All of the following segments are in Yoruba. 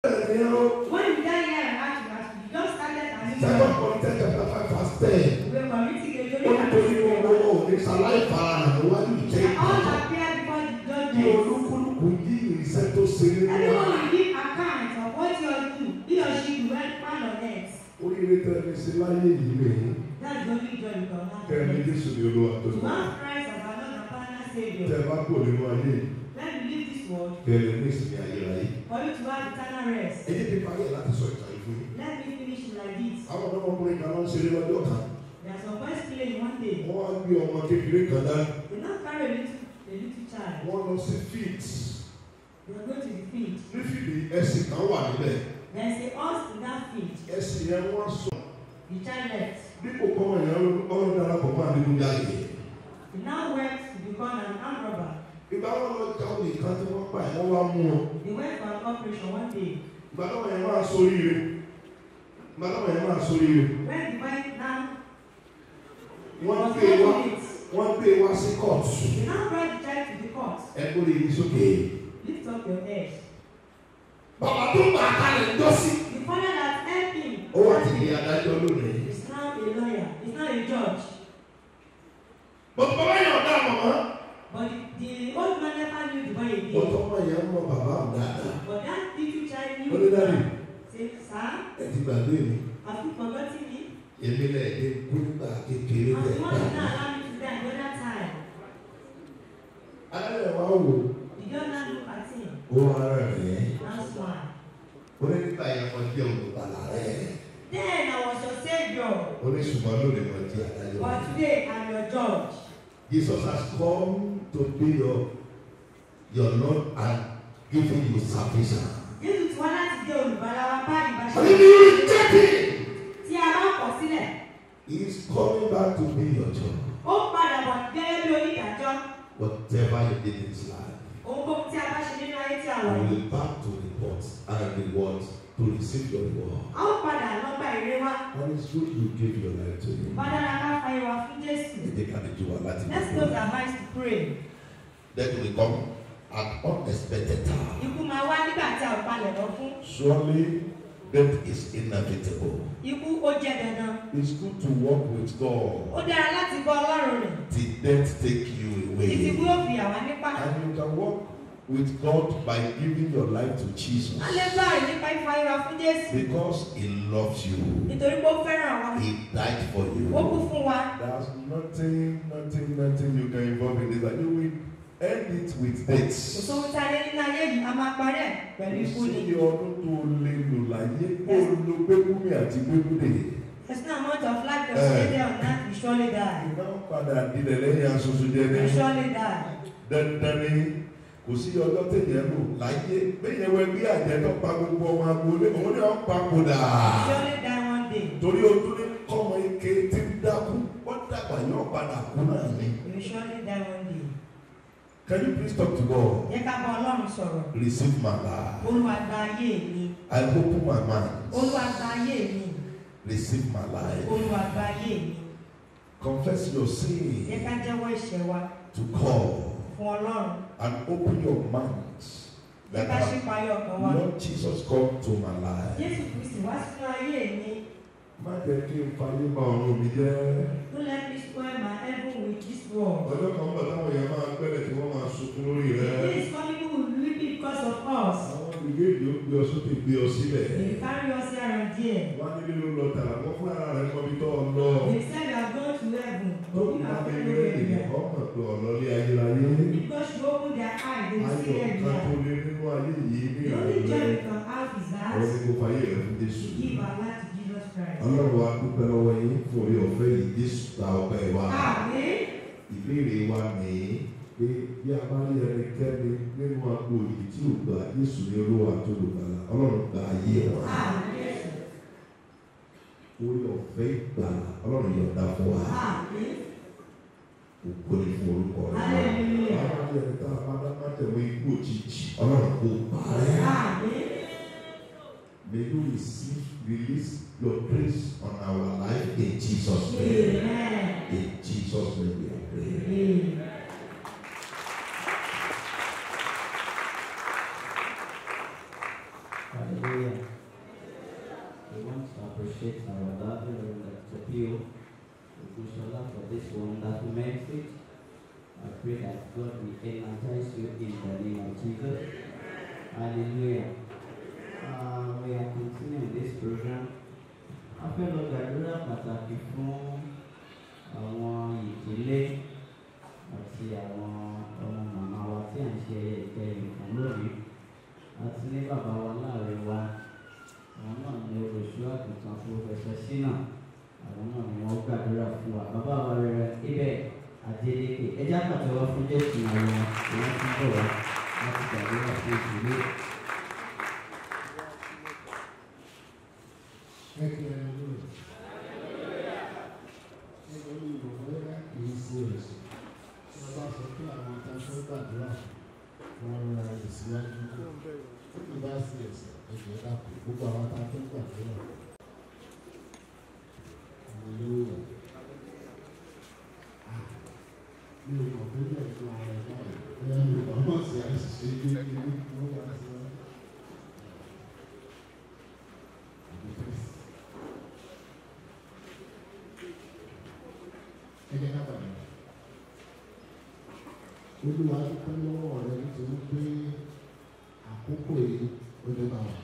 When you die here chapter five verse ten. We're committing a journey. Wọ́n tó yín owó òrìṣà láìpa wọ́n ní ìjẹ́ ìjẹ́. All the judgment. Bí olúkúlùkù yí tó ṣe nínú give account of what you do. He or she will well plan on it. Oríire tẹ̀lé sí láyé yìí you can have. Tẹ̀lé Jésù ni olúwa tó sọ. One another partner saviour. Tẹ̀ bá kò nínú ayé when we leave this world. bẹ̀rẹ̀ ní ìsinmi ayérayé. for you to have eternal rest. ẹ jẹ́ kí n parí ẹ̀ láti sọ ìtàn ìfún yín. let me finish like this. àwọn ọmọkùnrin kan ló ń ṣeré lọ́jọ́ kan. there are some boys playing one day. wọ́n á gbé ọmọ kékeré kan dá. they now carry a little a little child. wọ́n lọ sí We are going to the field. ní fìdí ẹsìn kan wà níbẹ̀. there is a in that field. ẹsìn yẹn wọ́n sọ. the child left. dípò kọ́mọ ìyá ọlọ́dún darapọ̀ mọ́ àdéhùn jáde. he now went to become an armed robber ìgbà wọn lọ jà òde kan tí wọ́n pa ìwọ́n wá mú wọn. went for operation one day. ìgbà náà yẹn máa sórí rẹ̀ ìgbà náà yẹn máa sórí rẹ̀. now. wọ́n gbé wá wọ́n gbé wá sí court. they now brought the child to the court. ẹ kó lè yí sókè. lift up your head. bàbá tó gbà á kalẹ̀ ńdọ́sí. the father that help him. ó wà ti di adájọ́ lónìí. he is now a lawyer he is now a judge. bàbá yóò dá màmá. but The old man never knew the boy again. Bọ̀dọ̀ ọmọ yẹn mọ bàbá òun dáadáa. But that little child knew. Olùdarí. Ṣé sá? Ẹ ti gbàgbé mi. Àfi kọ̀ọ̀kan tí mi. Èmi náà ẹ̀ dé kú nígbà kékeré rẹ̀. Àti wọ́n ti náà allow me to die another time. Alẹ́ wa wò. Ìjọ náà ló pàtì. Ó wá rẹ̀ rẹ̀. That's why. Onígbà yẹn mo jẹ́ olùbàlà rẹ̀. Then I was your saviour. Oníṣùgbọ́n lónìí mo jẹ́ adájọ́. But today I'm your judge. Jesus has come to be your your Lord and giving you salvation. Jésù tí wọ́n láti jẹ́ olùbárà wa bá ìbáṣepọ̀. Only you take it. Tí a bá kọ̀ sílẹ̀. He is coming back to be your judge. Ó padà bọ̀ gẹ́gẹ́ bí onídàájọ́. Whatever you did in his life. Ohun gbogbo tí a bá ṣe nínú ayé tí a wà yìí. You will back to report and reward to receive your reward. a ó padà lọ gba èrè that is who you give your life to. Bàdàlà ká fa ìwà fún Jésù. Èdè kàdéjú wa láti pray. Let's close our minds to pray. Then we come at unexpected time. Ikú máa wá nígbà tí a ò palẹ̀ lọ fún. Surely death is inevitable. Ikú ó jẹ́ dandan. It's good to work with God. Ó dára láti bọ́ Ọlọ́run rẹ̀. Did death take you away. Ìsìnkú yóò fìyà wá nípa. And you can work with God by giving your life to Jesus. A lè bá ìlépa fún Jésù. Because he loves you. Nítorí pé ó fẹ́ràn wa. He died for you. Ó kú fún wa. There's nothing nothing nothing you can involve in this and you will end it with death. Kò sóhun tí a lè nínú ayé yìí, a máa parẹ́ pẹ̀lú ikú ni. Ṣé ọdún tó lè lò láyé kó lo gbégúnmi àti gbégúnlè? There's no amount of life that will stay there on earth, you surely die. jẹ́ ní. You surely die. Dandan ni kò sí ọjọ́ tẹ̀yẹ̀ lò láyé bẹ́yẹn wẹ bí àjẹ́ pa gbogbo ọmọ agboolé òun ni wọ́n pa kódà. torí ojú ní kọ́mọ ike ti ń dákú ó dàgbà yóò padà kú náà ni. Can you please talk to God? Yẹ ká bá Ọlọ́run sọ̀rọ̀. Receive my life. Olúwa gba ayé mi. I open my mind. Olúwa gba ayé mi. Receive my life. Olúwa gba ayé mi. Confess your sin. Yẹ ká jẹ́wọ́ ẹ̀ṣẹ̀ wa. To God. Fún Ọlọ́run and open your minds that Lord Jesus come to my life. Jésù Kristi wá sínú ayé mi. Má jẹ́ kí n parí bá ọ̀run mi jẹ́. Don't let my heaven with this world. Ọjọ́ kan bàtà àwọn èèyàn máa gbẹ́rẹ̀ tí wọ́n máa sunkún lórí rẹ̀. He is calling you weep because of us. Àwọn ìwé ìdí ó gbé ọ sókè gbé ọ sílẹ̀. They carry us here and there. Wọ́n á nílé ló lọ tààrà wọ́n fún ara rẹ̀ mọ́bí tó ọ lọ. They said they going to heaven. Tó kí n bá bẹ̀rẹ̀ ìdí ọmọ tó ọ should open their eyes, they will see them there. The only is that give our life to Jesus Christ. Ọlọ́run wa dúpẹ́ lọ́wọ́ yín fún orí ọ̀fẹ́ yìí Jésù ta ọpẹ́ wa. Ìbéèrè wa nìyí pé bí a bá rí ẹnikẹ́ni nínú agbo yìí tí ò gba Jésù ní olúwa tó lò gbàlà Ọlọ́run gba ayé wa. Orí ọ̀fẹ́ ìgbàlà Ọlọ́run yọ̀ǹda fún wa. ògo ni fún orúkọ rẹ náà bá jẹ tá a bá dá má tẹ̀wé ikú òjijì ọlọ́run kò parẹ́. May you receive release your grace on our life in Jesus name in Jesus name we are praying. Hallelujah. We want to appreciate our lovely and appeal inshallah, for this wonderful message. I pray that God will energize you in the name of Jesus. Hallelujah. Uh, we are continuing this program. I Afẹ́lọ́ gbàdúrà pàtàkì fún àwọn ìdílé àti àwọn mi ò olúwa dúpẹ́ lọ́wọ́ rẹ nítorí pé àkókò yìí ó dé bá wa.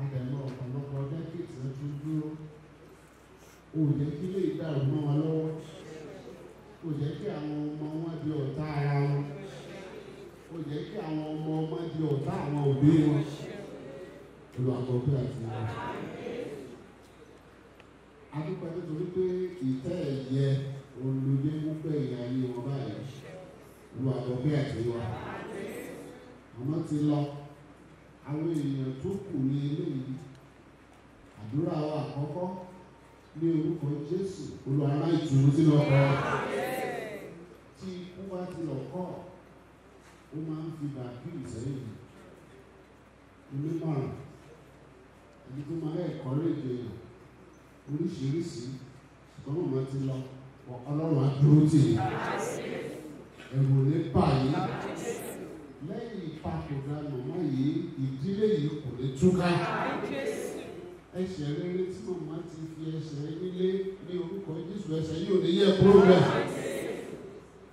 àtẹ̀mọ́ ọ̀pọ̀lọpọ̀ dẹ́kìtì náà tún dúró ó jẹ́ kí lè dàrú mọ́ wọn lọ́wọ́ ó jẹ́ kí àwọn ọmọ wọn di ọ̀tá ara wọn ó jẹ́ kí àwọn ọmọ wọn di ọ̀tá àwọn òbí wọn olùwàgbọ́pẹ́ àti ìwà. adúpẹ́ nítorí pé ìtẹ́ ẹ̀yẹ olùdé gbogbo ẹ̀yà ayé wọn báyìí olùwàgbọ́pẹ́ àti ìwà. àmọ́ ti lọ àwọn èèyàn tó kù ní eléyìí àdúrà wa àkọ́kọ́ ní orúkọ Jésù olùhàrá ìtùnú sínú ọkọ tí ikú wá ti lọ kọ́ ó máa ń fi bàbíì sẹ́yìn onímọ̀ràn ẹni tó máa ẹ̀kọ́ léde oríṣiríṣi ṣùgbọ́n màmá ti lọ ọlọ́run á dúró tì í ẹ̀wò ní báyìí lẹ́yìn ìpapòdànù mọ́ yìí ìdílé yìí kò lè túká. ẹsẹ̀ rere tí màmá ti fi ẹsẹ̀ nílé ní orúkọ Jésù ẹsẹ̀ yóò ní yẹ kúrò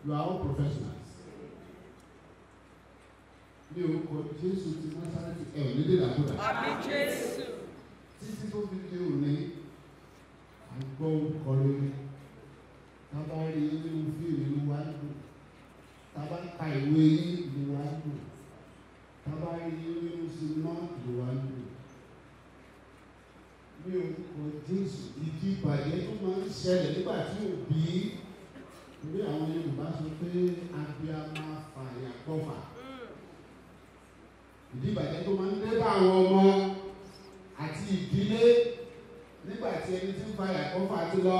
You are all professionals. ní orúkọ Jésù ti Násárẹ́tì ẹ̀ ní dídàkúdà. títí tó fi dé òní àgbọ̀ kọrin tábàárí nínú fíìmù wáyé tábà ń ka ìwé yín ìlú wa ń lò tábà rí nínú sinimá ìlú wa ń lò mi ò kò jésù ìdí ìbàjẹ́ tó máa ń ṣẹlẹ̀ nígbà tí òbí ìwé àwọn Yorùbá sọ pé abiyamọ fàyà gbọ́fà ìdí ìbàjẹ́ tó máa ń dé àwọn ọmọ àti ìdílé nígbà tí ẹni tí ń fa ìyàkọ́fà ti lọ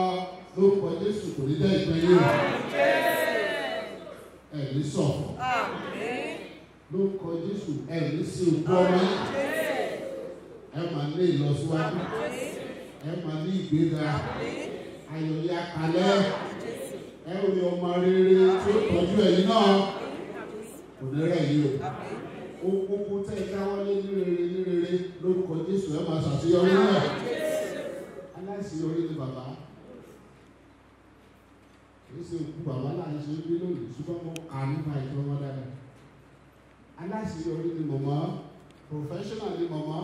lórúkọ Jésù kò ní dẹ́ ìgbẹ́ yìí ní sọ̀fọ̀. lórúkọ Jésù ẹ sí òkú ọmọ ẹ máa ní ìlọsíwájú ẹ máa ní ìgbéga ayọ̀lẹ̀ àkàlẹ́ ẹ ò ní ọmọ rere tí ó tọ́jú ẹ̀yin náà kò ní rẹ̀ yìí o ohun gbogbo tẹ́ ẹ dáwọ́lé ní rere ní rere lórúkọ Jésù ẹ máa ṣàṣeyọrí náà. ṣe òkú bàbá láì ṣe é lónìí ṣùgbọ́n mo àánú bá ìtọ́ wọn dáadáa aláṣeyọrí ni mọ̀mọ́ professional ni mọ̀mọ́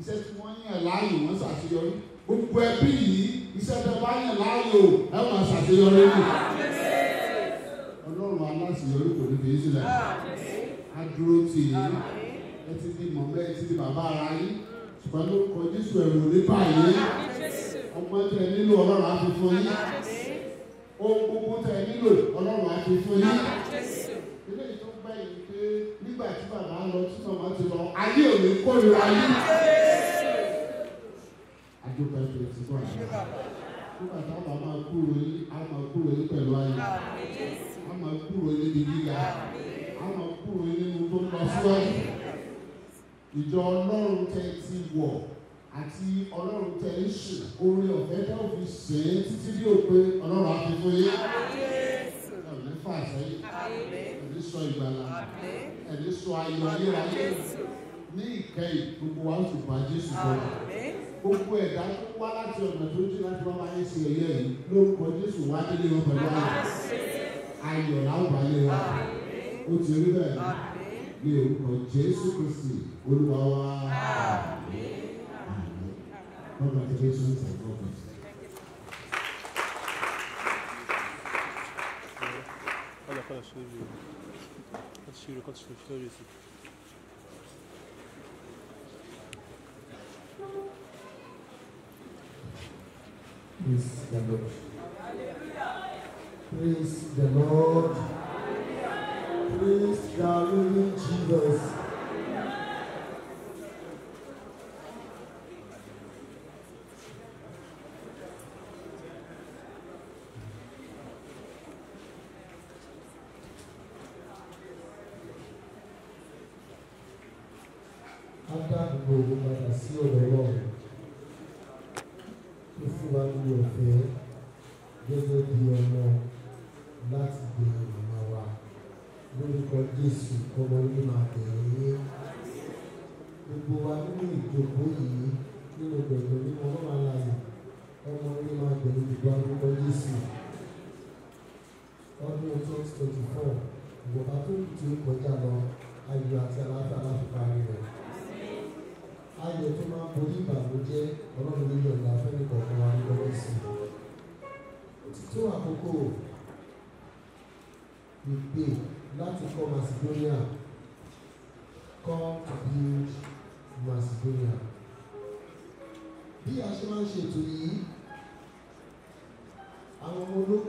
iṣẹ́ tí wọ́n yàn láàyò wọ́n ṣàṣeyọrí gbogbo ẹbí yìí iṣẹ́ tí wọ́n yàn láàyò ẹ wọ́n ṣàṣeyọrí nù ọlọ́run aláṣeyọrí kò ní bèé sílẹ̀ adúró tì í ẹ ti di mọ̀mọ́ ẹ ti di bàbá ara yín ṣùgbọ́n ló kọ Jésù ẹ̀rù ní báyìí ọmọ ẹgbẹ́ nílò ọlọ́run á fi fún yín ohun gbogbo tẹ̀ nílò ọlọ́run á ti fún yín. ilé ìtọ́ gbẹ̀yìn pé nígbà tí bàbá lọ tí màmá ti lọ ayé ò ní kórìíra yín. àdúgbò ẹgbẹ́ ti bọ̀ àná. nígbà táwọn máa kúrò yín á máa kúrò yín pẹ̀lú ayé. á máa kúrò yín níbi gíga. á máa kúrò yín nínú tó ń lọ síwájú. ìjọ ọlọ́run tẹ̀ ti wọ̀ àti ọlọ́run tẹ̀ ń sùn orí ọ̀fẹ́ tẹ́ fi ṣe é títí bí ó pé ọlọ́run á fún yín. ẹ̀mí fà sẹ́yìn ẹ̀mí sọ ìgbàlà ẹ̀mí sọ ayọ̀ ayérayé ní ìkẹyìn gbogbo wa ó sì bá Jésù bọ̀rọ̀ gbogbo ẹ̀dá tó wá láti ọ̀nà tó jù láti wá wáyé sí ẹ̀yẹ yìí lórúkọ Jésù wá délé wọn pẹ̀lú ayọ̀ ayọ̀ láwùjọ ayé wa ó ti rí bẹ́ẹ̀ ní orúkọ Jésù Kristi Olúwa wa. Congratulations and God bless Praise the Lord. Praise the Lord. Jésù ọmọ yìí máa tẹ̀lé yé gbogbo wa nínú ìjókòó yìí nínú gbẹ̀gbẹ̀ mímọ́ ọmọ aláyọ̀ ọmọ yìí máa tẹ̀lé gbogbo àkókò Jésù ọdún twenty twenty four ìwọ̀nba tó kù tí ó kọjá lọ ayọ̀ àti aláfẹ́ aláfipárí rẹ̀ ayọ̀ tó máa ń borí ìbànújẹ́ ọlọ́run nínú ọ̀gá fẹ́mi kọ̀ọ̀kan wa ní lọ́wọ́ sí i àkókò ìgbé láti kọ́ Macedonia come to build Macedonia bí a ṣe máa ń ṣètò yìí àwọn ológun.